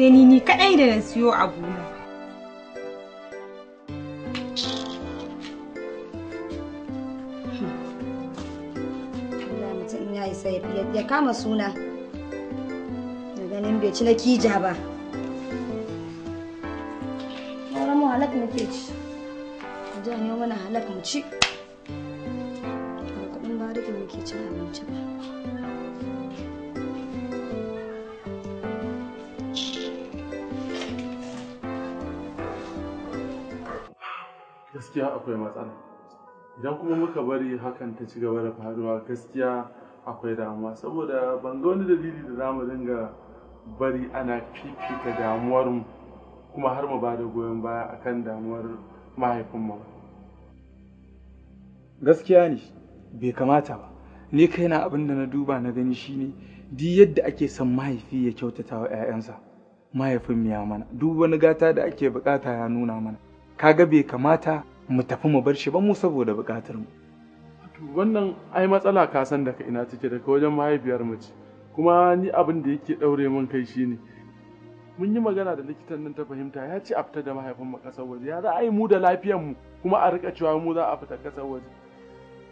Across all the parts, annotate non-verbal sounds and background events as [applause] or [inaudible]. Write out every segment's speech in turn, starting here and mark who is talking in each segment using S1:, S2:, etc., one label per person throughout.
S1: sai ni ni kaɗai da na siyo a gona. Allah mutum ya isa ya kama suna da ganin bai ci na kija ba. Sauran mu halak na ke ci. Janyo mana halak mu ci. Kuɗin ba da ke muke cin abinci ba.
S2: gaskiya akwai matsala idan kuma muka bari hakan ta ci gaba da faruwa gaskiya akwai damuwa saboda ban ga wani dalili da za mu dinga bari ana fifita damuwar mu kuma har mu ba da goyon baya akan damuwar mahaifinmu ba gaskiya ne bai kamata ba ni kaina
S3: abin da na duba na gani shine duk yadda ake son mahaifi ya kyautata wa 'ya'yansa mahaifin ya mana duk wani gata da ake bukata ya nuna mana kaga bai kamata mu tafi mu bar shi ba mu saboda buƙatar mu
S2: wannan ai matsala ka san daga ina take daga wajen mahaifiyar mace kuma ni abin da yake daure min kai ne. mun yi magana da likitan nan ta fahimta ya ce a fita da mahaifin mu kasar waje ya za a yi mu da lafiyar mu kuma a rika cewa mu za a fita kasar waje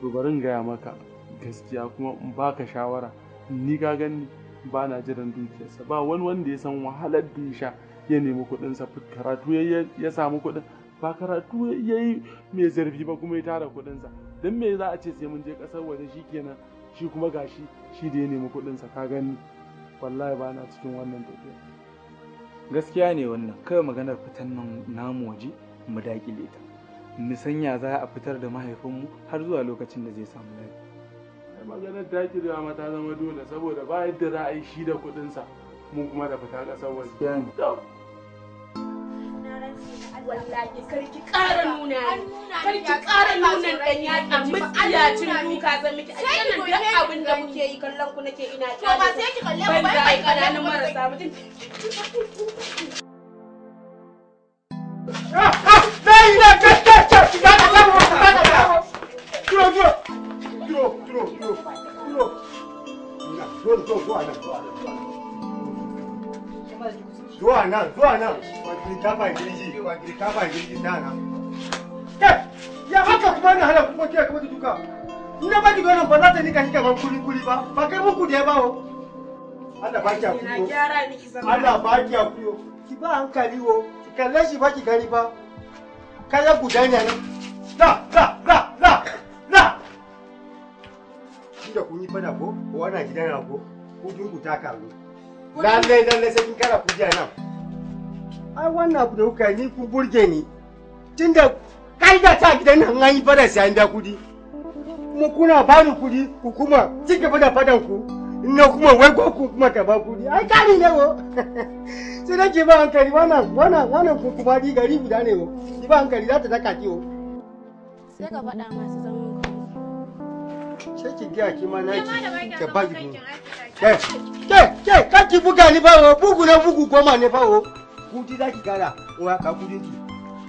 S2: to bari in gaya maka gaskiya kuma in baka shawara ni ka gani ba na jiran dukiyarsa ba wani wanda ya san wahalar da ya sha ya nemi kuɗinsa karatu ya samu kuɗin ba karatu ya yi mai zarfi ba kuma ya tara kuɗinsa don mai za a ce sai mun je kasar waje shi kenan shi kuma gashi shi da ya nemi kuɗinsa ka gani wallahi ba na cikin wannan tafiya
S3: gaskiya ne wannan kai maganar fitan nan namu waje mu dakile ta mu sanya za a fitar da mahaifinmu har zuwa lokacin da zai samu lafiya
S2: maganar dakirewa ma ta zama dole saboda ba yadda za a yi shi da kuɗinsa mu kuma da fita ƙasar waje
S1: wallahi karki ƙara nuna karki ƙara nuna dan yatsa duka zan miki a cikin duk abin da muke yi kallon ku nake ina kyale ba sai ki kalle kananan marasa
S4: mutum Ah, ah, na da zuwa nan zuwa nan wakili ta fa girgi wakili kafa fa girgi ta nan kai eh, ya haka kuma ni hana kuma kiyaye kuma duka ina ba ki gwanin ba za ta nika kika ban kuli kuli ba ba kai muku da ya bawo Allah ba ki akuyo Allah ba ki akuyo ki ba hankali wo ki kalle shi ba ki gani ba kaya guda ne nan da da da da da shi da kun yi fada ko ko ana gidana ko ko dun ku ta kago lalle lalle sai kin kara kujera nan. Ai wannan abu da kuka ni kun burge ni. Tunda ka'ida ta gidan nan an yi fara sai an da kudi. mu kuna ba ni kudi ku kuma ci gaba fadan ku. Ina kuma wai ko ku kuma ta ba kudi. Ai kari ne wo. [laughs] Sai nake ba hankali wannan wannan wannan ku kuma di gari guda ne wo. Ki ba hankali za ta daka ki wo. Sai ka fada masu zama. sai ki gaya ki ki ba ki ke ke ke ka ki buga ni bawo bugu na bugu goma ne bawo kudi za ki gara ka kudin ki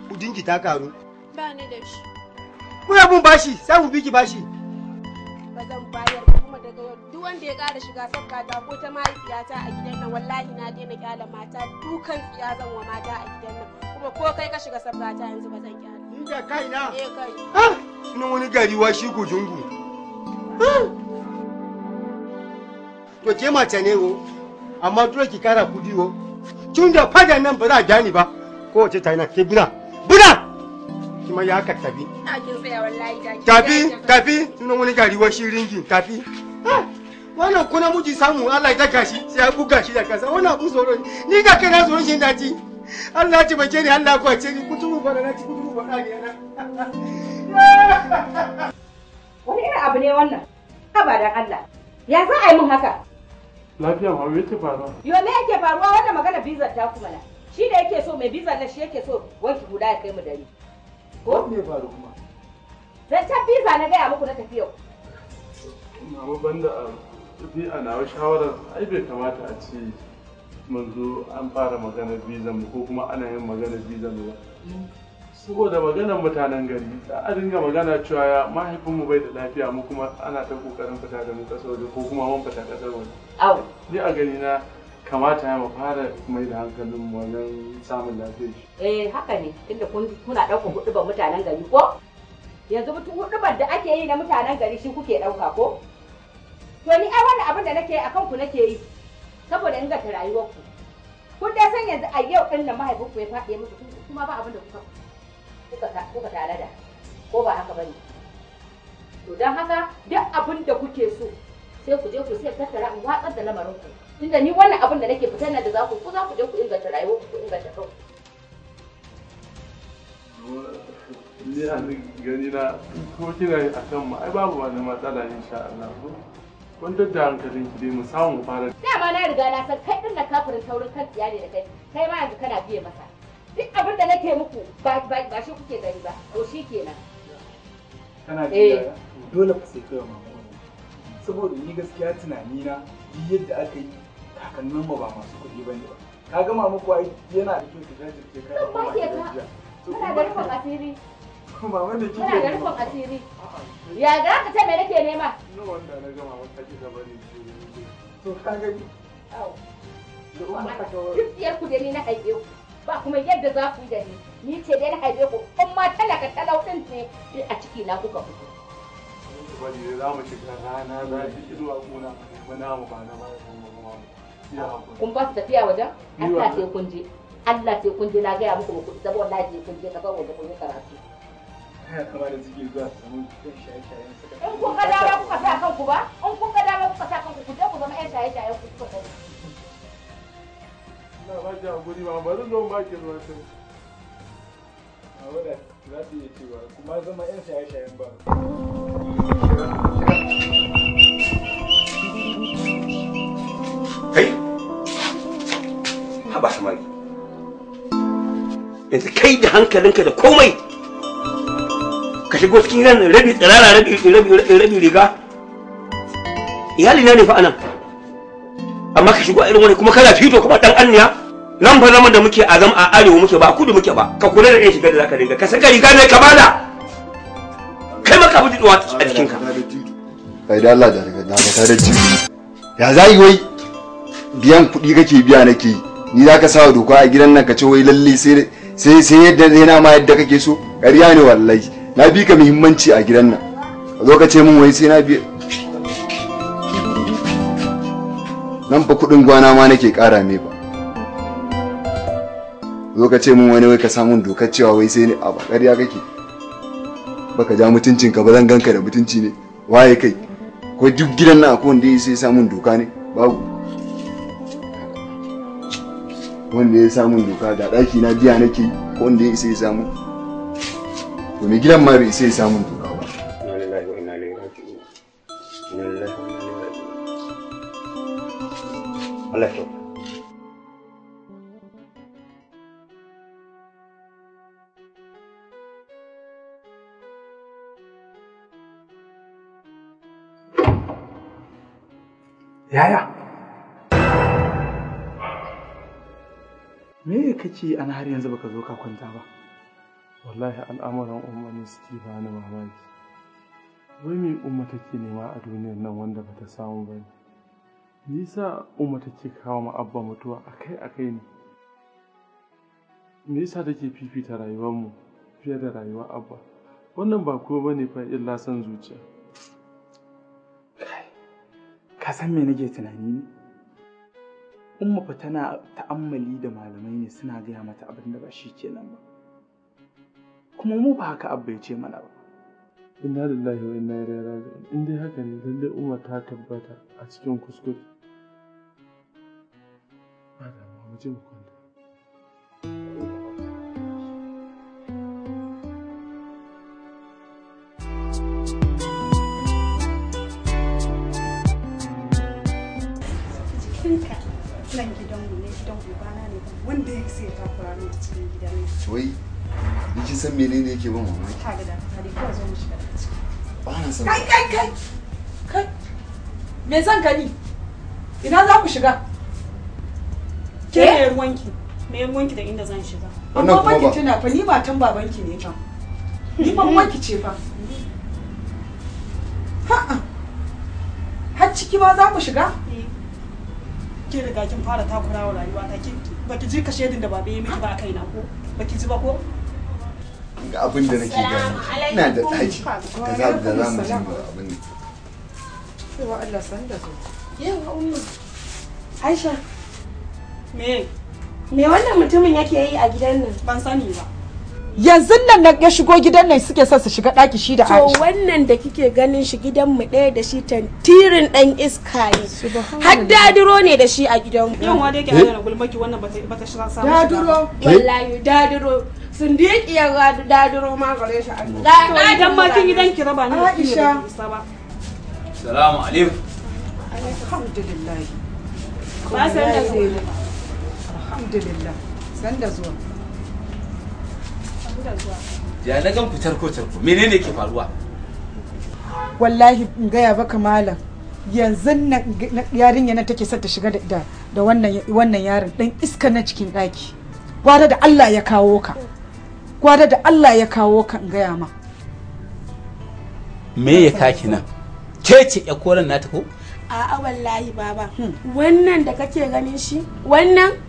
S4: kudin ki ta karu ba ni da shi bashi sai mu bi ki bashi
S1: ba zan bayar kuma daga duk wanda ya kara shiga sabga ta ko ta mahaifiyata a gidan nan wallahi na daina kyala mata dukan tsiya zan wa mata a gidan nan kuma ko kai ka shiga sabga ta yanzu ba zan kyala
S4: ni da kaina eh kai ha sunan wani gari wa shi gujungu to ke mace ne wo amma dole ki kara kudi wo tun da fadan nan ba za a gani ba kowace ta yana ke buna buna ma ya haka tafi tafi tafi tun wani gari wa shiringin tafi ah! wannan kuna muji samu Allah ya daga shi sai ya buga shi da kasa wannan abun tsoro ni ga kai na tsoron shi daji Allah ya taimake ni Allah ya kwace ni kutubu fara na ci kutubu fara ne na [laughs] abu ne wannan? Haba dan Allah.
S5: Ya za a yi min haka?
S2: Lafiya ma me yake faruwa?
S5: Yo me yake faruwa wannan magana bizar ta kuma na. Shi da yake so mai bizar na shi yake so wanki guda ya kai mu dare.
S2: Ko me faru kuma?
S5: Zancen biza na gaya muku na yau.
S2: Mama banda a ah, tafi a nawa shawarar ai bai kamata a ce mun zo an fara magana bizar mu ko kuma ana yin magana bizan mu ba. Mm. saboda maganar mutanen gari da a dinga magana cewa ya mahaifinmu bai da lafiya mu kuma ana ta kokarin fita da mu kasar waje ko kuma mun fita kasar waje au ni a gani na kamata ya mu fara mai da hankalin mu wajen samun lafiya
S5: shi eh haka ne tunda kun kuna ɗaukar hudubar mutanen gari ko yanzu mutum hudubar da ake yi na mutanen gari shi kuke ɗauka ko to ni ai wannan abin da nake a kanku nake yi saboda inganta rayuwarku kun dai san yanzu a yau ɗin da mahaifinku ya faɗi muku kuma ba abin da kuka kuka da ko ba haka bane to don haka duk abin da kuke so sai ku je ku sai tattara in watsar da lamarin ku tunda ni wannan abin da nake fitar da za ku ku za ku je ku inganta rayuwar ku inganta kanku
S2: ni a gani na ko kina a kan mu ai babu wani matsala insha Allah ko kun da hankalin ki dai mu samu fara
S5: dama na riga na san kai din na kafirin taurin kan tsiya ne da kai kai ma yanzu kana biye masa duk abin da nake muku ba shi kuke gani ba to shi kenan
S3: kana ji eh. dole ku sai kai mama saboda ni gaskiya tunani na yadda aka yi kakannin ba ba masu kuɗi ba ne ba ka gama ko ai yana da kyau ka jajirce kai a kuma ke jiya Kana da rufin asiri [laughs] mama da kike muna da rufin
S5: asiri ya ga ka ce me nake nema
S3: ni wanda na gama wata ki
S5: gaba ne to ka gani au duk ku da ni na haife ku ba kuma yadda za ku yi da ni ni ce dai na haife ku kun ma talaka talau din ce a ciki na kuka fito
S2: bari ne za mu shiga rana za shi zuwa kuna mana mu ba na ba kun ba
S5: su tafiya wajen Allah sai kun je Allah sai kun je na gaya muku ku saboda wallahi sai kun je ka ga waje kun yi karatu
S3: ya kamar da suke zuwa su samu ɗan shaye-shayen suka in kun ga dama
S5: kuka sa kanku ba in kun ga dama kuka sa kanku ku je ku zama 'yan shaye shaye ku kuka sani
S2: ina ba ki hakuri ba bari sai a wadda za ta iya cewa kuma
S3: zama yan shaye-shayen ba
S6: kai haba samari yanzu kai da hankalinka da komai ka shigo cikin rabi tsirara rabi riga iyalina ne fa anan amma ka shigo irin wani kuma kana fito kuma dan anniya nan fa zaman da muke a zama a arewa muke ba kudu muke ba ka kula da irin shigar da zaka dinga ka saka riga ka bala kai maka budi duwa a cikin ka
S7: kai da Allah da riga da ka da ji ya zai wai biyan kuɗi kake biya nake ni za ka sawa doka a gidan nan ka ce wai lalle sai sai sai yadda yana ma yadda kake so ƙarya ne wallahi na bi ka muhimmanci a gidan nan zo ka ce min wai sai na biya nan fa kuɗin gwana ma nake ƙara mai ba zo ka ce min wani wai ka samun dokar cewa wai sai ni a ya kake baka ja mutuncin ka ba zan ganka da mutunci ne waye kai ko duk gidan na akwai wanda ya sai samun doka ne babu wanda ya samun doka ga daki na biya nake ko wanda ya sai samu to me gidan ma bai sai samun doka
S3: Yaya? Me kake ana har yanzu baka zo ka kwanta ba? Wallahi al'amuran umarni suke
S2: ba ni mamaki. Wai me umma take nema a duniyar nan wanda bata samu ba ne? Nisa umma take kawo ma abba mutuwa akai-akai ne. Me yasa take fifita rayuwar mu fiye da rayuwar abba? Wannan ba ko bane fa illa son zuciya.
S3: Ka san me nake tunani ne? Umma fa tana ta'ammali da malamai ne suna gaya mata abin da ba shi kenan ba. Kuma mu ba haka abba ya ce mana
S2: ba. Inna lillahi wa inna ilaihi raji'un. In dai haka ne lalle Umma ta tabbata a cikin kuskure. Ba da mu mu kwanta.
S7: wai kin san menene yake ban mamaki ka ga da san kai kai
S8: kai me zan gani ina za ku shiga ke ne eh? ruwanki me ruwanki da inda zan shiga amma banki tana fa ni matan babanki ne fa ni mamanki ce fa ha'a har ciki ba za ku shiga eh. ke riga kin fara takurawa rayuwa ta kin baki ji ka shedin da babe ya miki ba kaina ko baki ji ba ko
S7: ga abin da nake gani ina da tsaki da za za mu ji abin
S8: da Allah san da yawa Aisha me me wannan
S1: mutumin yake yi a gidan nan ban sani ba
S8: yanzu nan na ya shigo gidan nan suke son su shiga daki shi da Aisha. To
S1: wannan da kike ganin shi gidan mu ɗaya da shi
S8: tantirin dan iska ne. Har dadiro
S1: ne da shi a gidan mu. Yan wanda yake ana eh?
S8: gulmaki wannan ba ta bata shi samu.
S1: Dadiro. Eh? Wallahi dadiro. Sun da yake yawa dadiro ma gare shi. Da
S8: dan ma kin gidan ki raba ne Aisha. assalamu alaikum. Alhamdulillah. Ba san da zuwa. Alhamdulillah. San da zuwa.
S9: ya na gan fitar ko tarko menene ke faruwa
S8: wallahi in gaya baka malam yanzu yarinya na take son ta shiga da da wannan wannan yaron dan iska na cikin daki gwada da Allah ya kawo ka gwada da Allah ya kawo ka in gaya ma
S9: me ya kaki nan ke ce ya koran nata ko
S1: a'a wallahi baba hmm. wannan da kake ganin shi wannan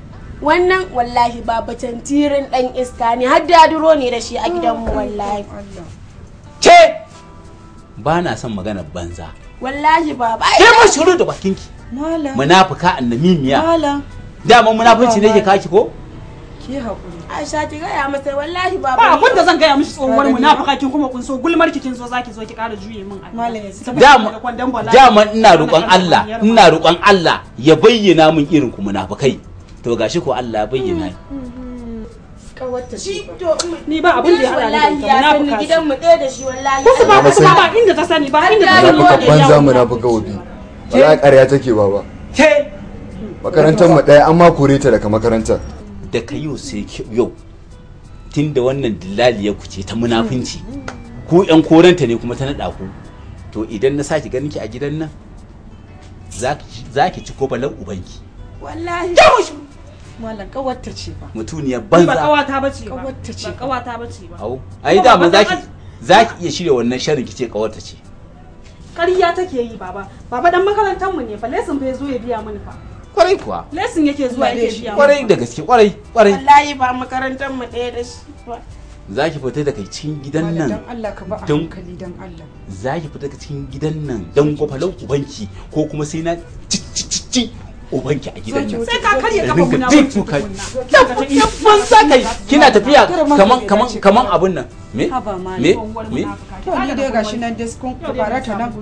S1: wannan wallahi ba batantirin dan iska ne har da duro ne da shi a gidanmu wallahi
S9: ce ba na son magana banza
S1: wallahi baba ke mun
S9: shiru da bakinki malam munafuka annamimiya malam dama munafunci ne ke kaki ko
S8: ke hakuri Aisha ki gaya masa wallahi baba ba abin da zan gaya mishi tsohuwar munafuka kin kuma kun so gulmar kin so zaki zo ki kara juye min dama dama ina roƙon Allah
S9: ina roƙon Allah ya bayyana min irin ku munafukai to gashi ko Allah bayyana
S1: ni ba abin da ya hada da gidan mu ɗaya da shi wallahi ba ba inda ta sani ba inda ta sani babban
S7: zamuna buga wabi ba ƙarya take ba ba ke makarantar mu ɗaya an ma kore ta daga makarantar.
S9: da ka yau sai yau tun da wannan dillali ya kuce ta munafunci ku yan koranta ne kuma ta naɗa ku to idan na sake ganin ki a gidan nan za ki ci ko balan ubanki
S8: wallahi Malam kawarta ce ba.
S9: Mutuniya banza. Ba kawata
S8: bace ba. Kawarta ce. Ba kawata bace ba. Au. Ai da ma
S9: za ki iya shirya wannan sharrin kice kawarta ce.
S8: Ƙarya take yi baba. Baba dan makarantar mu ne fa lesson bai zo ya biya mini fa. Kwarai kuwa. Lesson yake zuwa yake biya. Kwarai da
S9: gaske kwarai kwarai.
S8: Wallahi ba makarantar mu ɗaya da shi ba.
S9: za ki fita daga cikin gidan nan don za ki fita daga cikin gidan nan don kwafalan ubanki ko kuma sai na ci ubanki a gidan sai ka
S8: karya kafa muna ji kuka tabban
S9: za ka kina tafiya kaman kaman kaman abun nan me
S8: me me to ni dai gashi nan dai kun ta nan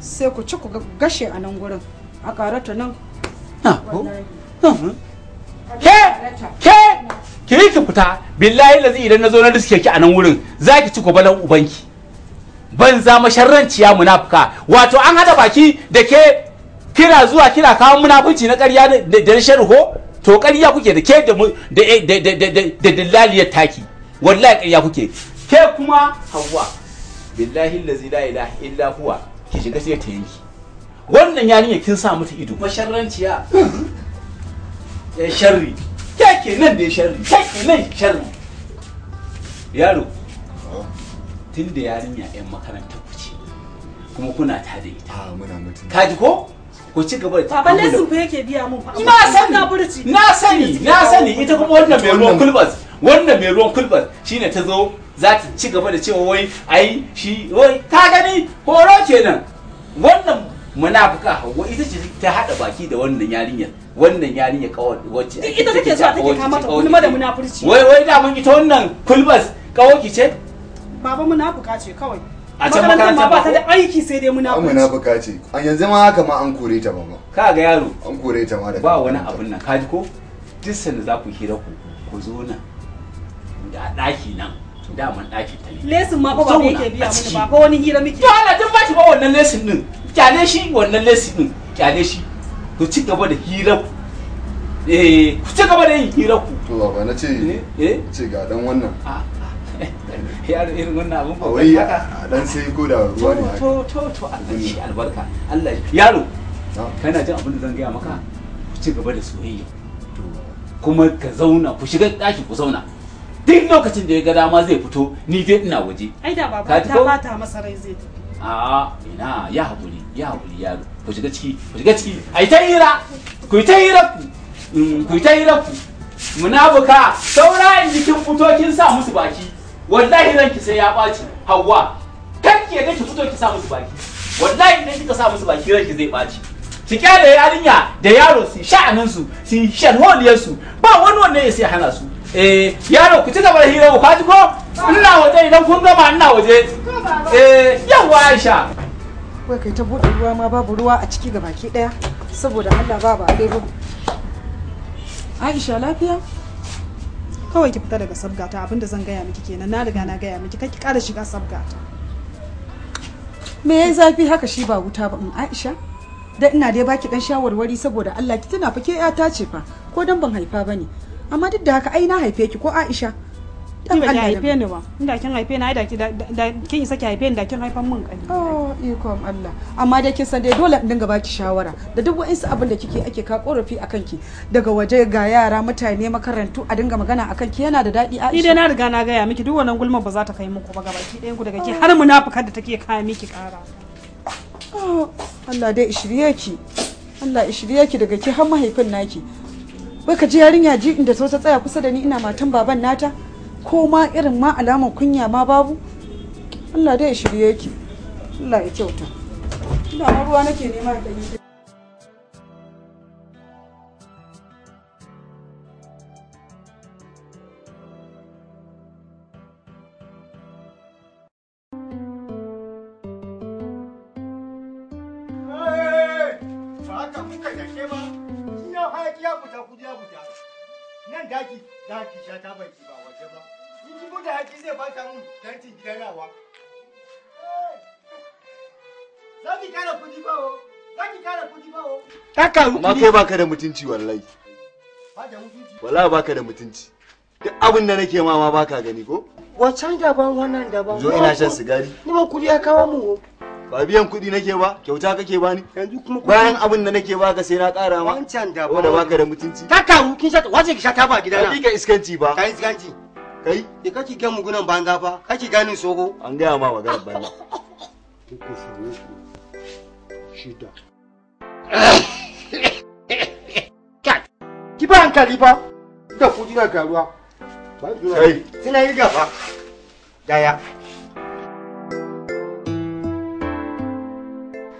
S8: sai ku ci ku gashe a nan gurin a karata nan hmm? ke ke ke
S9: ki fita billahi lazi idan na zo na riske ki a nan wurin za ki ci balan kubalan ubanki ban za masharranciya munafuka wato an hada baki da ke kina zuwa kina kawo munafunci na ƙarya da na sharho to ƙarya kuke da ke eh, da dillaliyar taki wallahi ƙarya kuke ke kuma hawa billahi allazi la ilaha illa huwa ki shiga sai ta yanki wannan yarinya kin sa mata ido masharranciya hmm. ya sharri ke ke nan da ya sharri ke ke nan sharri yaro tun da yarinya yan makaranta ku ce kuma kuna ta da ita ah, kaji ko ku ci gaba da Baba lesson
S8: fa yake biya mun fa. Na sani. Na sani. Na sani ita kuma wannan
S9: mai ruwan kulbas. Wannan mai ruwan kulbas shine ta zo za ta ci gaba da cewa wai ai shi wai ka gani horo kenan. Wannan munafuka Hauwa ita ce ta hada baki da wannan yarinyar. Wannan yarinya kawai wacce ita take zuwa take kama ta kuma da
S8: munafurci. Wai wai
S9: da mun ita wannan kulbas kawai ce?
S8: Baba munafuka ce kawai.
S7: a can makarantar ba ta da
S8: aiki sai dai munafuka
S7: a yanzu ma haka an kore ta ba an kore ta ma da ba wani nan ko duk za ku hira
S9: ku zo nan da nan daman ta ne lesin ma ba yake biya ko wani hira muke to Allah tun ba wannan lesin din kyale lesin din kyale shi ku ci hira ku eh ku ci gaba da yin hira ku to ba na ce eh, eh? ce ga dan wannan ah. ya da irin wannan abun ko kai haka dan sai ko da ruwa ne to to to Allah shi albarka Allah yaro kana jin abin da zan gaya maka ku ci gaba da soyayya kuma ka zauna ku shiga ɗaki ku zauna duk lokacin da ya ga dama zai fito ni dai ina waje
S8: ai da baba ta bata masa rai zai
S9: tafi ina ya ya yaro ku shiga ciki ku shiga ciki ai ta hira ku ta hira mm, ku ku ta hira ku munafuka saura in jikin fito kin sa musu baki wallahi ranki sai ya ɓaci hawa kan da ki fito ki sa musu baki wallahi idan kika sa musu baki ranki zai ɓaci ki kyale yarinya da yaro su sha'anin su su shanholiyar su ba wani wanda ya sai hana su eh yaro ku ci gaba da hira ku ji ko ina waje idan kun gama ina waje eh yawa Aisha
S8: wai kai ta bude ruwa ma babu ruwa a ciki gabaki daya saboda Allah ba ba Aisha lafiya kawai ki fita daga sabgata abinda zan gaya miki kenan na riga na gaya miki ki kara shiga sabgata me yayi zafi haka shi ba wuta ba in mm, Aisha da ina dai baki dan shawarwari saboda Allah ki tana fa ke ta ce fa ko dan ban haifa bane amma duk da haka ai na haife ki ko Aisha ba kin haife ni ba inda kin haife ni ai da kin isa ki haife ni da kin haifan min kani oh ikon Allah amma dai kin san dai dole in dinga baki shawara da duk wa'insu abin da kike ake ka korafi akan ki daga waje ga yara mutane makarantu a dinga magana akan ki yana da daɗi Aisha idan na riga na gaya miki duk wannan gulma ba za ta kai muku ba gabaki ɗayan ku daga ki har munafukan da take kaya miki ƙara oh, Allah dai ishirye ki Allah ishirye ki daga ki har mahaifin naki baka ji yarinya ji inda ta tsaya kusa da ni ina matan baban nata ko ma irin ma alamar kunya ma babu Allah dai ya shirye ki Allah ya kyauta ina ma ruwa nake nema da ni
S4: Ba haka kuka yake ba, ya hayaki ya fita ku nan daki za ki sha ta baki ba waje ba in ki bude haƙi zai bata mun tantin gidan rawa za ki kara kuɗi bawo za ki kara kuɗi bawo
S7: ta karu kuɗi kai baka da mutunci wallahi wallahi ka da mutunci duk abin da nake ma ma baka gani ko
S4: wacan daban wannan daban zo ina shan sigari ni ma kuɗi ya kawo mu
S7: ba biyan kuɗi nake ba kyauta kake ba ni yanzu kuma bayan abin da
S4: nake ka sai na ƙara ma wancan da ba da baka da mutunci ta taru kin shata wace ki shata ta ba gidana k'a ka iskanci ba kai iskanci kai da kake gan mugunan banza ba kake ganin sogo an gaya ma magana banza ku [laughs] samu shida ki ba hankali ba da kudi na garuwa ba zuwa sai na yi gafa daya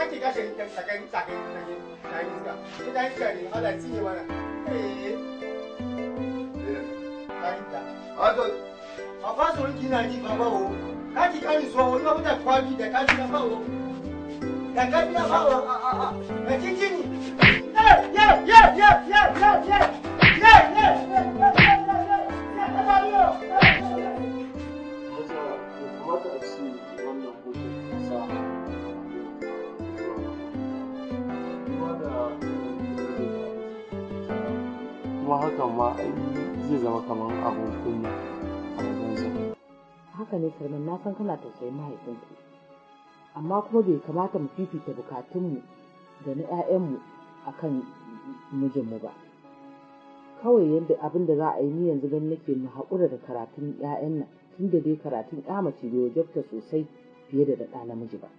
S4: kake ka shi sakan sakan na yi na yi suka ko da yake ne Allah cinye mana eh kaita ato afa so ri na ni baba o kake ka ni so o ni baba kwa bi da kake na ba o da kake na ba o a a a kike ni eh yeah yeah yeah yeah yeah yeah
S2: hakan ma zai zama kamar abin kunya a wajensa
S5: haka ne salman na san kana tausayin ku amma kuma bai kamata mu fifita bukatunmu da na 'ya'yanmu a kan mijinmu ba kawai yadda abin da za a yi ni yanzu gani nake mu haƙura da karatun 'ya'yan nan tun da dai karatun ƙamace mace bai wajabta sosai fiye da ɗa namiji ba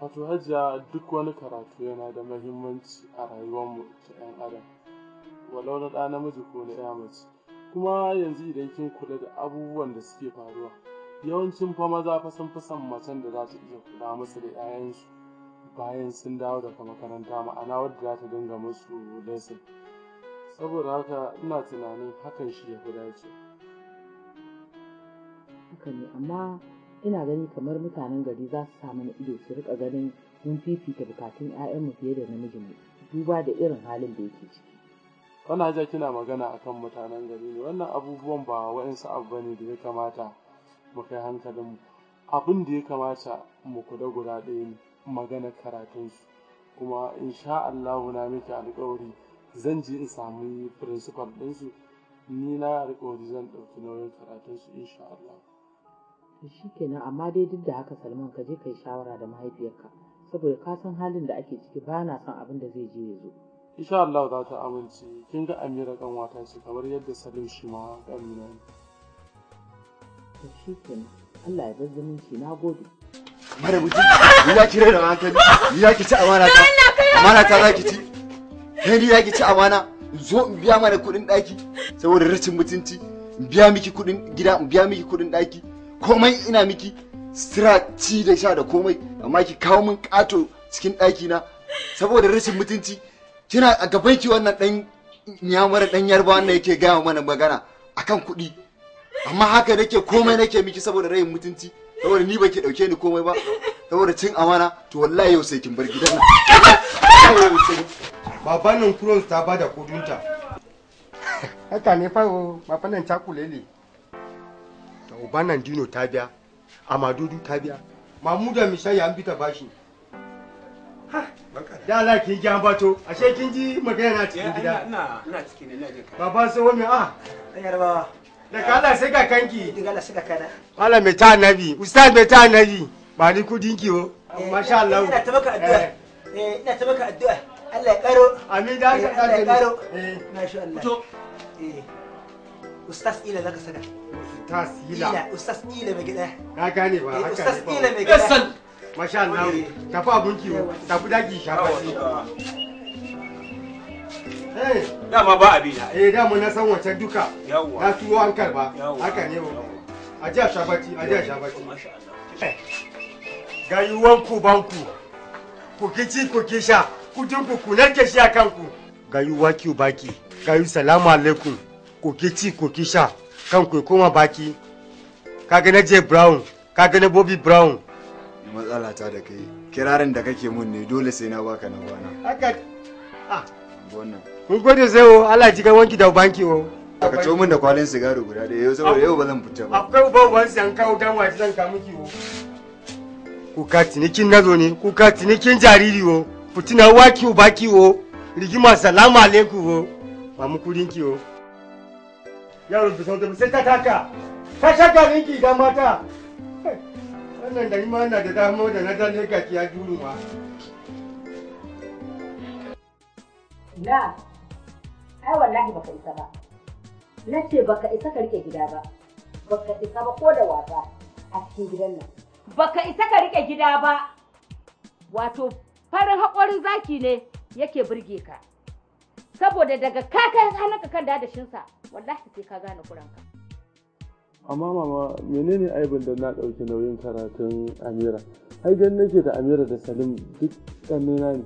S2: wato hajiya duk wani karatu yana da mahimmanci a rayuwarmu ta 'yan adam walau na ɗa namiji ko na ya mace kuma yanzu idan kin kula da abubuwan da suke faruwa yawancin fa maza fa sun fi son macen da za ta iya kula musu da 'ya'yansu bayan sun dawo daga makaranta ma'ana wadda za ta dinga musu lesson saboda haka ina tunanin hakan shi ya fi dace
S5: haka ne amma ina gani kamar mutanen gari za su samu na ido su rika ganin mun fifita bukatun 'ya'yanmu fiye da namijinmu
S2: duba da irin halin da yake ciki wannan haja kina magana akan mutanen gari ne wannan abubuwan ba wa'insu abu bane da ya kamata mu kai hankalinmu abin da ya kamata mu kula guda ɗaya ne magana karatunsu kuma insha Allahu na miki alƙawari zan je in samu principal ɗinsu ni na alƙawari zan ɗauki nauyin karatunsu insha Allah.
S5: shi kenan amma dai duk da haka salman ka je ka yi shawara da mahaifiyarka saboda ka san halin da ake ciki ba na son abin da zai je
S2: ya zo. insha Allah za ta amince kin ga Amira kanwata ce kamar yadda Salim shi ma kanina
S5: ne shi ke Allah ya bar shi na gode
S7: mara mutum ni ya ki da hankali ni ya kici ci amana ta amana ta za ki ci kai ni ya kici amana zo in biya mana kuɗin daki saboda rashin mutunci in biya miki kuɗin gida in biya miki kuɗin daki komai ina miki sira ci da sha da komai amma ki kawo min kato cikin daki na saboda rashin mutunci kina a gaban wannan dan nyamar dan yarba wannan yake gaya mana magana akan kuɗi amma haka nake komai nake miki saboda rayin mutunci saboda ni baki dauke ni komai ba saboda cin amana to wallahi yau sai kin bar gidan nan
S4: baban nan kuron ta bada kudinta haka ne fa oh, baban nan cakulele uban nan dino ta biya amadudu ta biya mamuda misali an bita bashi da ki gyan bato ashe kin ji magana na cikin gida ina ina cikin ina jin kai baba sai wani ah? a Da ka Allah sai ga kanki daga Allah sai ga kana Allah mai ta annabi ustaz mai ta annabi ba ni kudin ki ho. Eh, eh, masha Allah ina ta maka addu'a eh. eh ina ta maka addu'a Allah ya karo amin da Allah ya karo eh masha Allah to eh
S6: ustaz ila zaka saka ustaz ila ustaz
S4: ila mai gida ka gane ba ustaz ila mai gida masha Allah tafi abun kiwo tafi daji shafa shi dama ba abina eh dama na san wancan duka na tuwo an karba haka ne ba a ji a shafati a ji a shafati ga yiwuwan ku banku ku kici ku kisha ku jinku ku narke shi a kanku ga yiwuwa ki baki ga yiwu salamu alaikum ku kici ku kisha kanku kuma baki kaga na je brown kaga na bobby brown
S7: matsala ta da kai kirarin da kake mun ne dole sai na baka na bana
S4: haka ah
S7: wannan kun gode sai o Allah ji ga wanki da banki o oh. ka ciwo min da kwalin sigari guda da yau saboda yau ba zan fita ba
S4: akwai ba uban san kawo dan wace zan ka miki o oh. kuka tinikin nazo ne kuka tinikin jariri o oh. fitina waki uba baki o rigima salamu alaikum o mamu kudin ki o yaro bisau da sai ta taka ka shaka ninki ga mata wannan da ma na da damo da na dalle ga ya juruwa
S5: na ai wallahi baka isa ba na ce baka isa ka rike gida ba baka isa ba ko da wasa a cikin gidan nan baka isa ka rike gida ba wato farin haƙorin zaki ne yake burge ka saboda daga ka kai hannunka kan da shinsa wallahi sai ka gane kuranka
S2: amma mama menene aibin da na ɗauki nauyin karatun amira ai gan nake da amira da salim duk ƙannena ne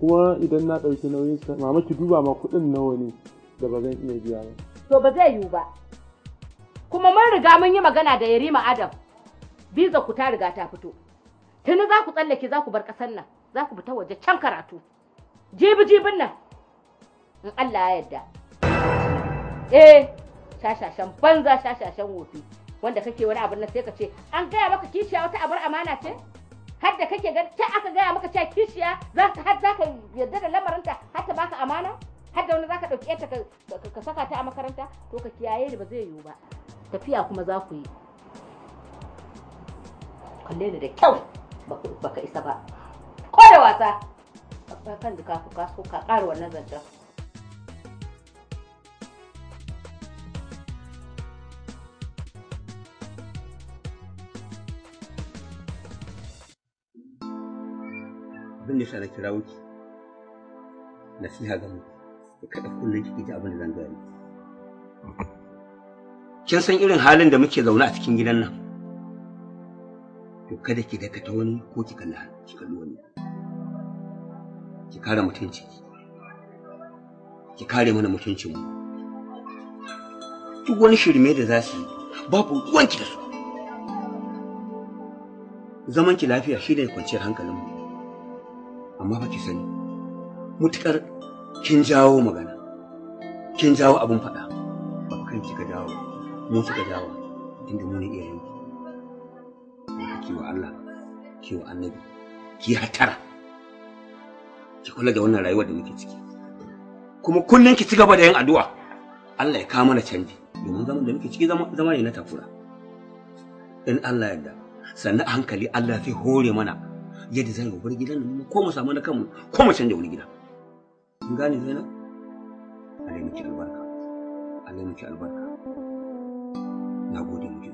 S2: kuma idan na dauki nauyin sa mama ki duba ma kuɗin nawa ne da ba zan iya biya ba
S5: to ba zai yiwu ba kuma mun riga mun yi magana da yarima adam biza ku ta riga ta fito tuni za ku tsallake za ku bar ƙasar nan za ku fita waje can karatu jibi jibin nan in allah ya yarda eh banza shashashan wofi wanda kake wani abin nan sai ka ce an gaya maka kishiya wata abar amana ce har da kake gani ta aka gaya maka cewa kishiya za ka har za ka yarda da lamarinta har ta baka amana har da wani za ka ɗauki ta ka saka ta a makaranta to ka kiyaye da ba zai yiwu ba tafiya kuma za ku yi kalle da kyau baka isa ba ko da wasa kan da ka so ka ƙara wannan zancen
S6: ya sa na kira wuki nasiha ga mu ki kada kullun kike ji abin da zan gani kin san irin halin da muke zaune a cikin gidan nan to kada ki daka ta wani ko ki kalla ki kalli wani ki kare mutunci ki kare mana mutuncin mu duk wani shirme da za su yi babu ruwanki da su zaman ki lafiya shi ne kwanciyar hankalin mu amma ba ki sani mutukar kin jawo magana kin jawo abun faɗa ba kan ki ka jawo mu suka jawo inda mu ne iyayen ki wa Allah ki wa annabi ki hatara ki kula da wannan rayuwar da muke ciki kuma kullun ki ci gaba da yin addu'a Allah ya kawo mana canji domin zaman da muke ciki zama ne na takura in Allah yarda sannan hankali Allah zai hore mana yadda zan mu bar gidan nan ko mu samu na kanmu ko mu canja wani gida kin gane zainab Allah miki albarka Allah miki albarka na miki